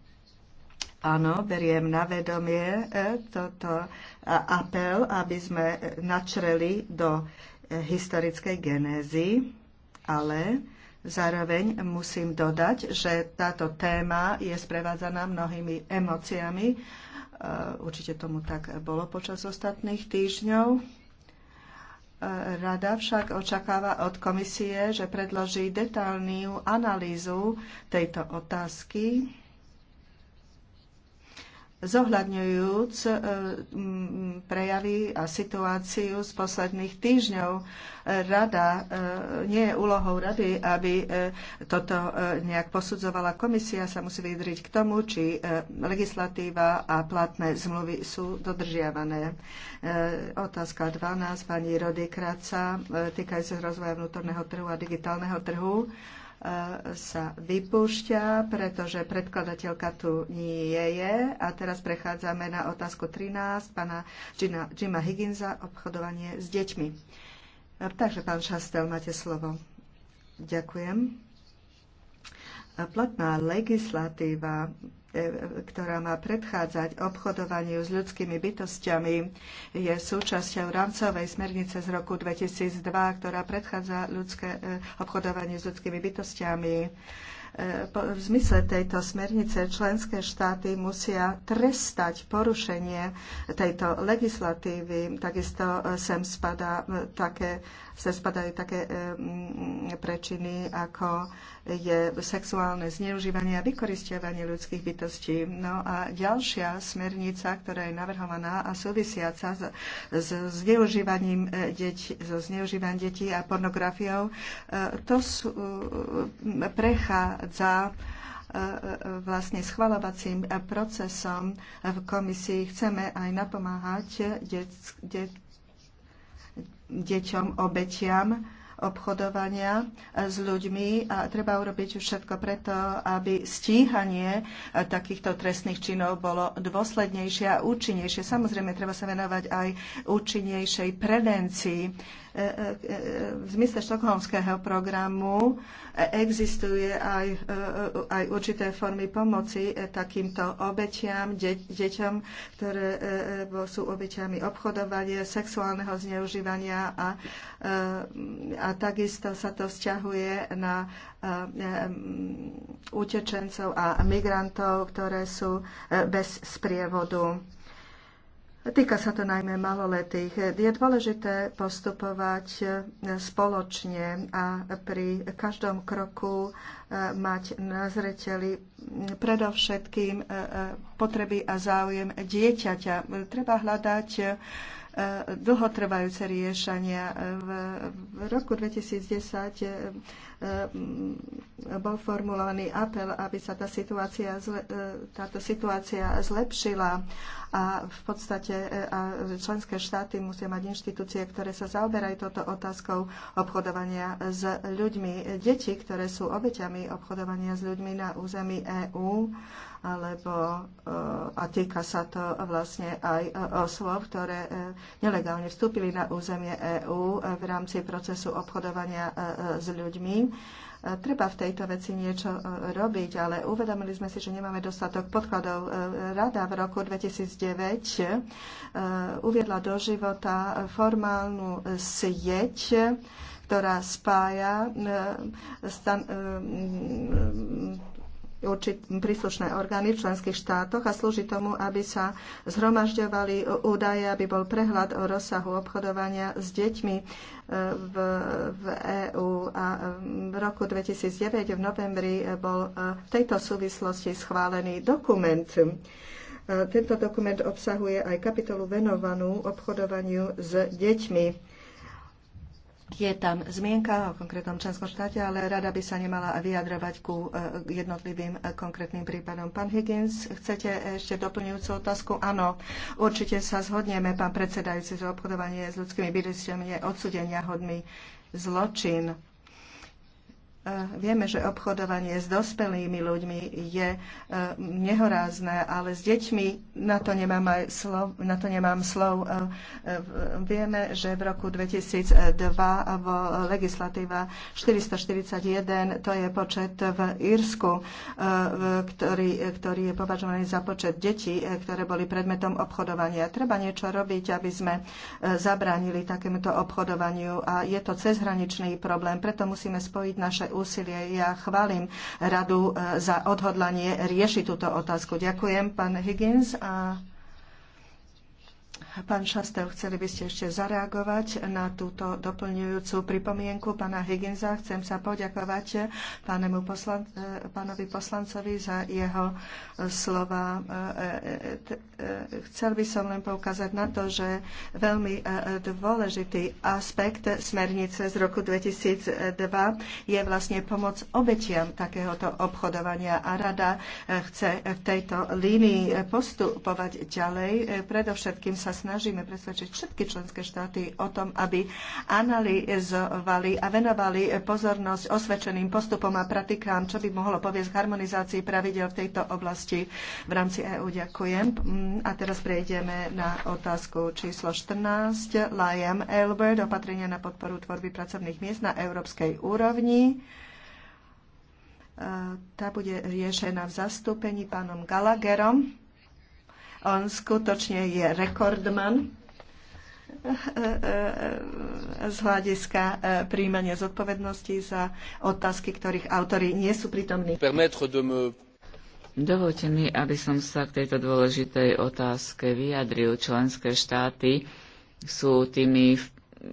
Áno, beriem na vedomie e, toto apel, aby sme e, načreli do e, historickej genézy, ale zároveň musím dodať, že táto téma je sprevádzaná mnohými emóciami. Určite tomu tak bolo počas ostatných týždňov. Rada však očakáva od komisie, že predloží detálnu analýzu tejto otázky zohľadňujúc e, prejavy a situáciu z posledných týždňov. Rada, e, nie je úlohou rady, aby e, toto nejak posudzovala komisia, sa musí vyjadriť k tomu, či legislatíva a platné zmluvy sú dodržiavané. Otázka 12 pani Rody Kraca týkajúce rozvoja vnútorného trhu a digitálneho trhu sa vypúšťa, pretože predkladateľka tu nie je. A teraz prechádzame na otázku 13 pána Jima Higginsa, obchodovanie s deťmi. Takže, pán Šastel, máte slovo. Ďakujem. Platná legislatíva ktorá má predchádzať obchodovaniu s ľudskými bytostiami, je súčasťou rámcovej smernice z roku 2002, ktorá predchádza ľudské, eh, obchodovaniu s ľudskými bytostiami. Eh, v zmysle tejto smernice členské štáty musia trestať porušenie tejto legislatívy. Takisto eh, sem spadá také sa spadajú také e, mm, prečiny, ako je sexuálne zneužívanie a vykoristovanie ľudských bytostí. No a ďalšia smernica, ktorá je navrhovaná a súvisiaca s, zneužívaním e, detí, so zneužívaním detí a pornografiou, e, to sú, prechádza vlastne schvalovacím procesom v komisii. Chceme aj napomáhať det, deťom, obetiam obchodovania s ľuďmi a treba urobiť všetko preto, aby stíhanie takýchto trestných činov bolo dôslednejšie a účinnejšie. Samozrejme, treba sa venovať aj účinnejšej prevencii E, e, e, v zmysle štokholmského programu existuje aj, aj určité formy pomoci takýmto obetiam, de, deťom, ktoré sú obeťami obchodovania, sexuálneho zneužívania a, a takisto sa to vzťahuje na utečencov a migrantov, ktoré sú bez sprievodu. Týka sa to najmä maloletých. Je dôležité postupovať e, spoločne a pri každom kroku e, mať na zreteli predovšetkým e, potreby a záujem dieťaťa. Treba hľadať dlhotrvajúce riešania. V roku 2010 bol formulovaný apel, aby sa tá situácia, e, táto situácia zlepšila a v podstate e, a členské štáty musia mať inštitúcie, ktoré sa zaoberajú toto otázkou obchodovania s ľuďmi. Deti, ktoré sú obeťami obchodovania s ľuďmi na území EÚ, alebo e, a týka sa to vlastne aj oslov, ktoré nelegálne vstúpili na územie EÚ v rámci procesu obchodovania s ľuďmi Treba v tejto veci niečo e, robiť, ale uvedomili sme si, že nemáme dostatok podkladov. E, Rada v roku 2009 e, uviedla do života formálnu sieť, ktorá spája stan- určit, príslušné orgány v členských štátoch a slúži tomu, aby sa zhromažďovali údaje, aby bol prehľad o rozsahu obchodovania s deťmi e, v, v EÚ. A e, v roku 2009 v novembri e, bol v tejto súvislosti schválený dokument. Tento dokument obsahuje aj kapitolu venovanú obchodovaniu s deťmi je tam zmienka o konkrétnom členskom štáte, ale rada by sa nemala vyjadrovať ku e, jednotlivým e, konkrétnym prípadom. Pán Higgins, chcete ešte doplňujúcu otázku? Áno, určite sa zhodneme, pán predsedajúci, že obchodovanie s ľudskými bytostiami je odsudenia hodný zločin Vieme, že obchodovanie s dospelými ľuďmi je e, nehorázne, ale s deťmi na to nemám, aj slov, na to nemám slov. E, e, vieme, že v roku 2002 vo legislatíva 441, to je počet v Írsku, ktorý, ktorý je považovaný za počet detí, ktoré boli predmetom obchodovania. Treba niečo robiť, aby sme zabránili takémuto obchodovaniu a je to cezhraničný problém, preto musíme spojiť naše úsilie. Ja chválim radu e, za odhodlanie riešiť túto otázku. Ďakujem, pán Higgins. A Pán Šastel, chceli by ste ešte zareagovať na túto doplňujúcu pripomienku pána Higginsa. Chcem sa poďakovať pánemu poslan- e, pánovi poslancovi za jeho e, slova. E, chcel by som len poukázať na to, že veľmi dôležitý aspekt smernice z roku 2002 je vlastne pomoc obetiam takéhoto obchodovania a rada chce v tejto línii postupovať ďalej. Predovšetkým sa snažíme presvedčiť všetky členské štáty o tom, aby analyzovali a venovali pozornosť osvedčeným postupom a praktikám, čo by mohlo poviesť k harmonizácii pravidel v tejto oblasti v rámci EÚ. Ďakujem. Mm, a teraz prejdeme na otázku číslo 14. Liam Elbert, opatrenia na podporu tvorby pracovných miest na európskej úrovni e, tá bude riešená v zastúpení pánom Gallagherom. On skutočne je rekordman eh, eh, eh, z hľadiska príjmania zodpovednosti za otázky, ktorých autory nie sú prítomní. Dovolte mi, aby som sa k tejto dôležitej otázke vyjadril. Členské štáty sú tými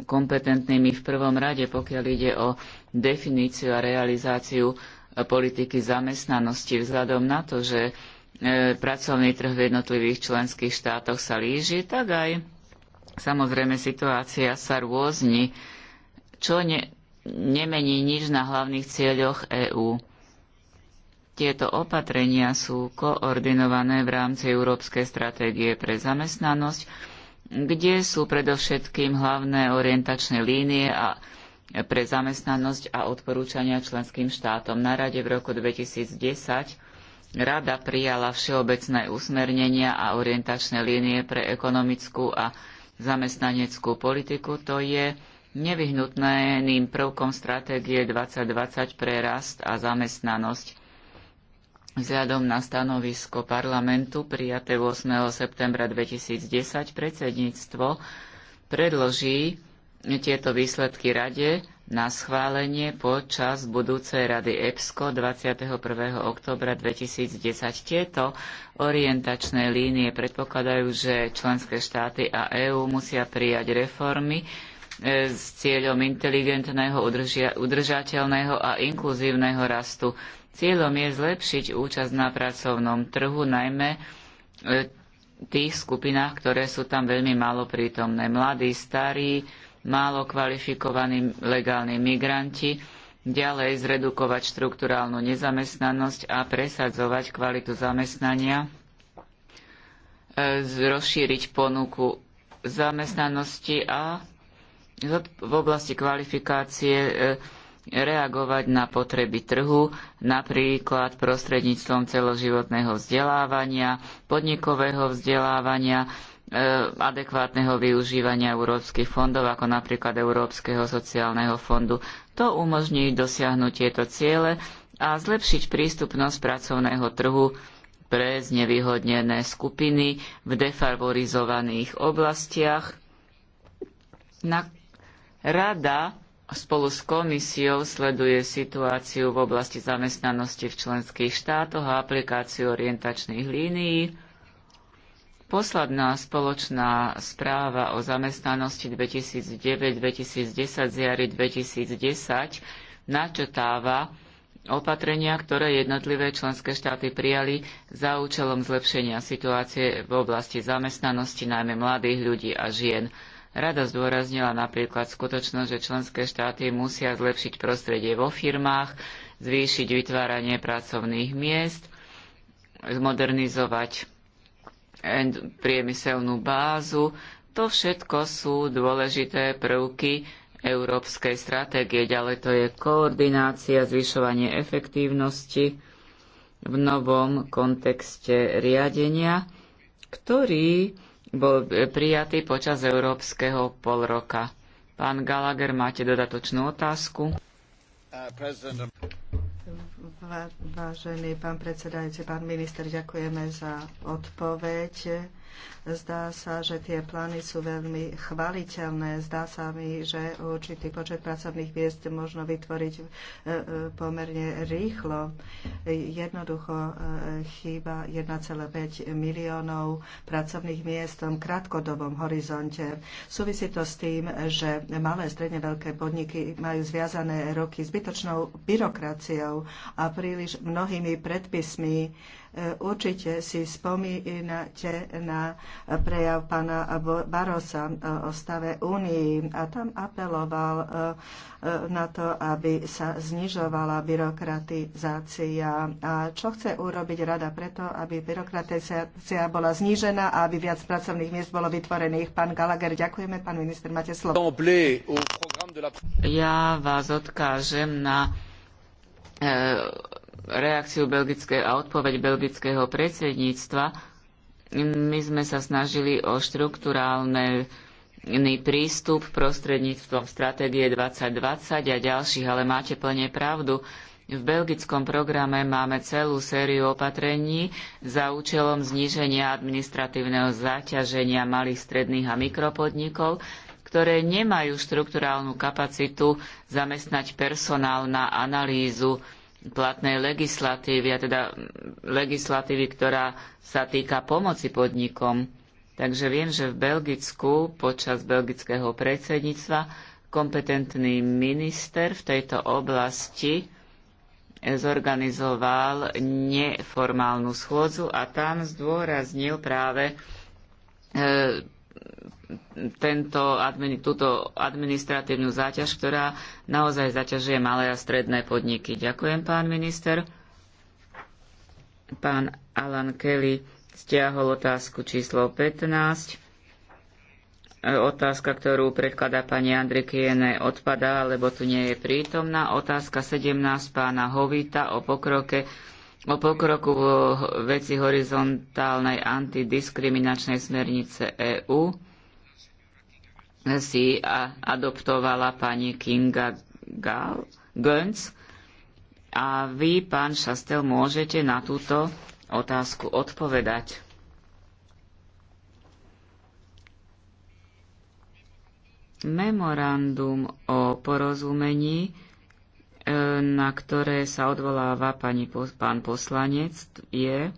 kompetentnými v prvom rade, pokiaľ ide o definíciu a realizáciu politiky zamestnanosti, vzhľadom na to, že E, pracovný trh v jednotlivých členských štátoch sa líži, tak aj samozrejme situácia sa rôzni, čo ne, nemení nič na hlavných cieľoch EÚ. Tieto opatrenia sú koordinované v rámci Európskej stratégie pre zamestnanosť, kde sú predovšetkým hlavné orientačné línie a pre zamestnanosť a odporúčania členským štátom. Na rade v roku 2010 Rada prijala všeobecné usmernenia a orientačné línie pre ekonomickú a zamestnaneckú politiku. To je nevyhnutným prvkom stratégie 2020 pre rast a zamestnanosť. Vzhľadom na stanovisko parlamentu prijaté 8. septembra 2010 predsedníctvo predloží tieto výsledky rade na schválenie počas budúcej rady EPSCO 21. oktobra 2010. Tieto orientačné línie predpokladajú, že členské štáty a EÚ musia prijať reformy e, s cieľom inteligentného, udržateľného a inkluzívneho rastu. Cieľom je zlepšiť účasť na pracovnom trhu, najmä e, tých skupinách, ktoré sú tam veľmi málo prítomné. Mladí, starí, málo kvalifikovaní legálni migranti, ďalej zredukovať štrukturálnu nezamestnanosť a presadzovať kvalitu zamestnania, e, rozšíriť ponuku zamestnanosti a v oblasti kvalifikácie e, reagovať na potreby trhu, napríklad prostredníctvom celoživotného vzdelávania, podnikového vzdelávania, E, adekvátneho využívania európskych fondov, ako napríklad Európskeho sociálneho fondu. To umožní dosiahnuť tieto ciele a zlepšiť prístupnosť pracovného trhu pre znevýhodnené skupiny v defavorizovaných oblastiach. Na rada spolu s komisiou sleduje situáciu v oblasti zamestnanosti v členských štátoch a aplikáciu orientačných línií Posledná spoločná správa o zamestnanosti 2009-2010 z jary 2010 načetáva opatrenia, ktoré jednotlivé členské štáty prijali za účelom zlepšenia situácie v oblasti zamestnanosti najmä mladých ľudí a žien. Rada zdôraznila napríklad skutočnosť, že členské štáty musia zlepšiť prostredie vo firmách, zvýšiť vytváranie pracovných miest, zmodernizovať priemyselnú bázu. To všetko sú dôležité prvky európskej stratégie. Ďalej to je koordinácia, zvyšovanie efektívnosti v novom kontexte riadenia, ktorý bol prijatý počas európskeho polroka. Pán Gallagher, máte dodatočnú otázku? Uh, Vážený pán predsedajúci, pán minister, ďakujeme za odpoveď. Zdá sa, že tie plány sú veľmi chvaliteľné. Zdá sa mi, že určitý počet pracovných miest možno vytvoriť e, e, pomerne rýchlo. Jednoducho e, chýba 1,5 miliónov pracovných miest v krátkodobom horizonte. Súvisí to s tým, že malé, stredne veľké podniky majú zviazané roky zbytočnou byrokraciou a príliš mnohými predpismi Určite si spomínate na prejav pána Barosa e, o stave únii a tam apeloval e, e, na to, aby sa znižovala byrokratizácia. A čo chce urobiť rada preto, aby byrokratizácia bola znížená a aby viac pracovných miest bolo vytvorených? Pán Gallagher, ďakujeme. Pán minister, máte slovo. Ja vás odkážem na reakciu a odpoveď belgického predsedníctva. My sme sa snažili o štruktúrálne prístup prostredníctvom stratégie 2020 a ďalších, ale máte plne pravdu. V belgickom programe máme celú sériu opatrení za účelom zníženia administratívneho zaťaženia malých, stredných a mikropodnikov, ktoré nemajú štrukturálnu kapacitu zamestnať personál na analýzu platnej legislatívy, a teda legislatívy, ktorá sa týka pomoci podnikom. Takže viem, že v Belgicku počas belgického predsedníctva kompetentný minister v tejto oblasti zorganizoval neformálnu schôdzu a tam zdôraznil práve e, tento, túto administratívnu záťaž, ktorá naozaj zaťažuje malé a stredné podniky. Ďakujem, pán minister. Pán Alan Kelly stiahol otázku číslo 15. E, otázka, ktorú predkladá pani Kiene, odpadá, lebo tu nie je prítomná. Otázka 17 pána Hovita o pokroke o pokroku vo veci horizontálnej antidiskriminačnej smernice EÚ si adoptovala pani Kinga Gal, A vy, pán Šastel, môžete na túto otázku odpovedať. Memorandum o porozumení E, na ktoré sa odvoláva pani, pán poslanec, je...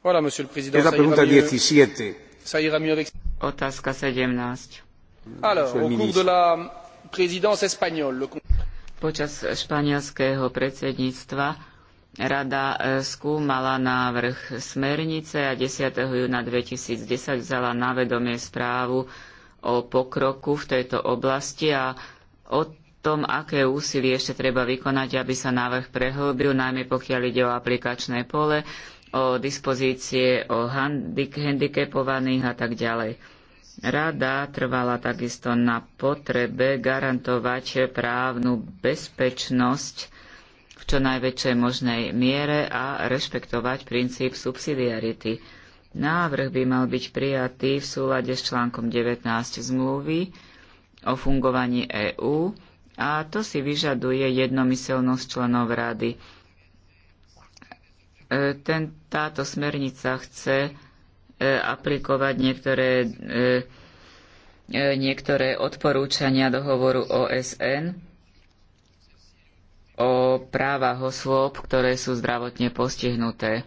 Voilà, monsieur le président, ça ira, mieux, e ça ira mieux avec... Otázka 17. Alors, au cours de la présidence espagnole, le... Počas španielského predsedníctva Rada e, skúmala návrh smernice a 10. júna 2010 vzala na vedomie správu o pokroku v tejto oblasti a o tom, aké úsilie ešte treba vykonať, aby sa návrh prehlbil, najmä pokiaľ ide o aplikačné pole, o dispozície, o handik- handicapovaných a tak ďalej. Rada trvala takisto na potrebe garantovať právnu bezpečnosť v čo najväčšej možnej miere a rešpektovať princíp subsidiarity. Návrh by mal byť prijatý v súlade s článkom 19 zmluvy, o fungovaní EÚ a to si vyžaduje jednomyselnosť členov rady. E, ten, táto smernica chce e, aplikovať niektoré, e, niektoré odporúčania dohovoru OSN o právach osôb, ktoré sú zdravotne postihnuté.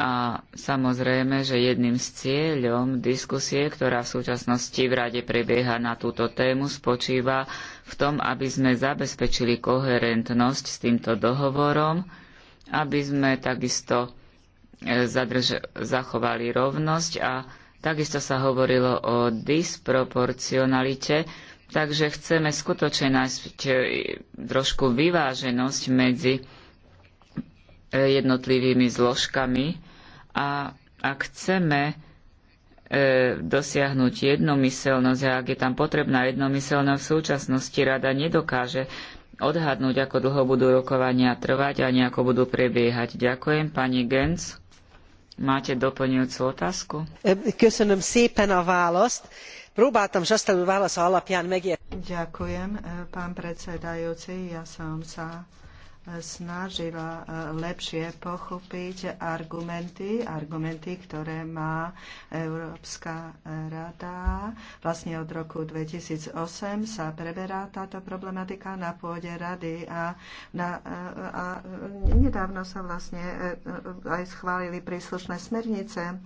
A samozrejme, že jedným z cieľom diskusie, ktorá v súčasnosti v Rade prebieha na túto tému, spočíva v tom, aby sme zabezpečili koherentnosť s týmto dohovorom, aby sme takisto e, zachovali rovnosť a takisto sa hovorilo o disproporcionalite, takže chceme skutočne nájsť e, trošku vyváženosť medzi e, jednotlivými zložkami a ak chceme e, dosiahnuť jednomyselnosť a ak je tam potrebná jednomyselnosť v súčasnosti, rada nedokáže odhadnúť, ako dlho budú rokovania trvať a ako budú prebiehať. Ďakujem, pani Gens. Máte doplňujúcu otázku? E, köszönöm szépen a választ. Próbáltam Zsasztalú válasza alapján megérteni. Ďakujem, e, pán predsedajúci. Ja som sa snažila e, lepšie pochopiť argumenty, argumenty, ktoré má Európska rada. Vlastne od roku 2008 sa preberá táto problematika na pôde rady a, na, e, a nedávno sa vlastne e, aj schválili príslušné smernice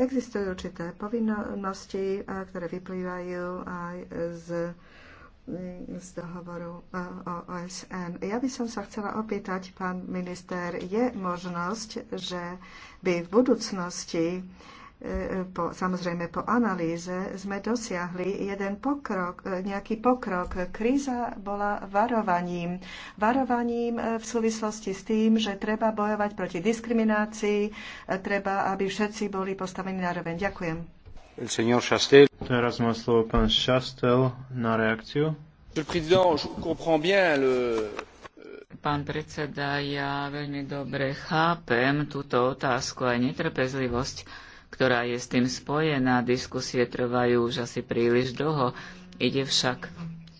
existujú určité povinnosti, ktoré vyplývajú aj z Mm, z dohovoru e, o OSN. Ja by som sa chcela opýtať, pán minister, je možnosť, že by v budúcnosti e, po, samozrejme po analýze sme dosiahli jeden pokrok, e, nejaký pokrok. Kríza bola varovaním. Varovaním v súvislosti s tým, že treba bojovať proti diskriminácii, treba, aby všetci boli postavení na roveň. Ďakujem. Teraz má slovo pán Šastel na reakciu. Pán predseda, ja veľmi dobre chápem túto otázku aj netrpezlivosť, ktorá je s tým spojená. Diskusie trvajú už asi príliš dlho. Ide však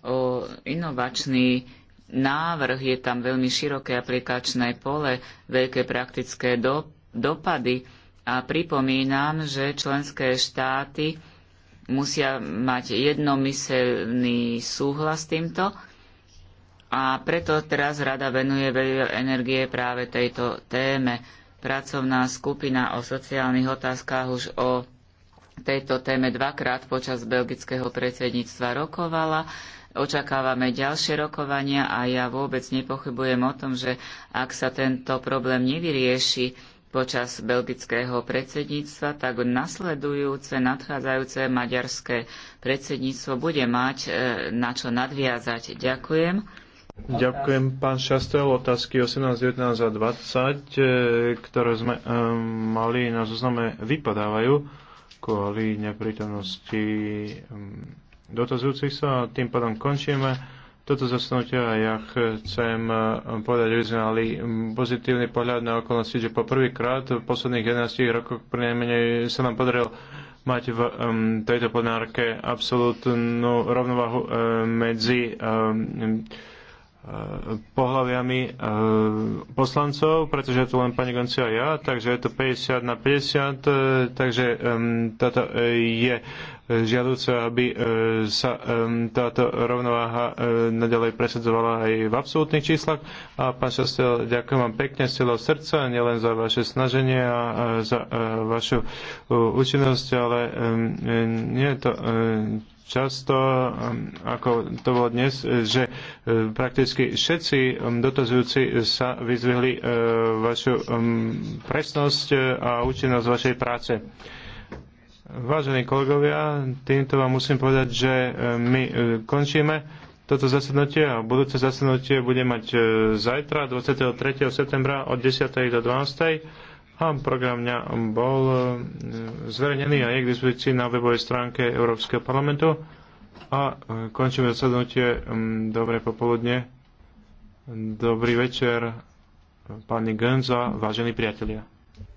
o inovačný návrh, je tam veľmi široké aplikačné pole, veľké praktické do, dopady a pripomínam, že členské štáty musia mať jednomyselný súhlas s týmto a preto teraz rada venuje veľa energie práve tejto téme. Pracovná skupina o sociálnych otázkach už o tejto téme dvakrát počas belgického predsedníctva rokovala. Očakávame ďalšie rokovania a ja vôbec nepochybujem o tom, že ak sa tento problém nevyrieši, počas belgického predsedníctva, tak nasledujúce, nadchádzajúce maďarské predsedníctvo bude mať e, na čo nadviazať. Ďakujem. Ďakujem, pán Šastel. Otázky 18, 19 a 20, e, ktoré sme um, mali na zozname, vypadávajú kvôli neprítomnosti um, dotazujúcich sa. Tým pádom končíme toto zasnutie a ja chcem eh, povedať, že sme mali mm, pozitívny pohľad na okolnosti, že po prvýkrát v posledných 11 rokoch prinajmenej najmenej sa nám podarilo mať v um, tejto plenárke absolútnu rovnovahu um, eh, medzi um, E, pohľaviami e, poslancov, pretože je tu len pani Goncia a ja, takže je to 50 na 50, e, takže táto je žiaduce, aby sa táto rovnováha nadalej presadzovala aj v absolútnych číslach. A pán Šastel, ďakujem vám pekne z celého srdca, nielen za vaše snaženie a za vašu účinnosť, ale nie je to často, um, ako to bolo dnes, že um, prakticky všetci um, dotazujúci sa vyzvihli uh, vašu presnosť uh, a účinnosť vašej práce. Vážení kolegovia, týmto vám musím povedať, že my uh, končíme toto zasadnutie a budúce zasadnutie bude mať zajtra 23. septembra od 10. do 12. A program mňa bol e, zverejnený a je k dispozícii na webovej stránke Európskeho parlamentu. A e, končím zasadnutie. Dobré popoludne. Dobrý večer, e, pani Genza, vážení priatelia.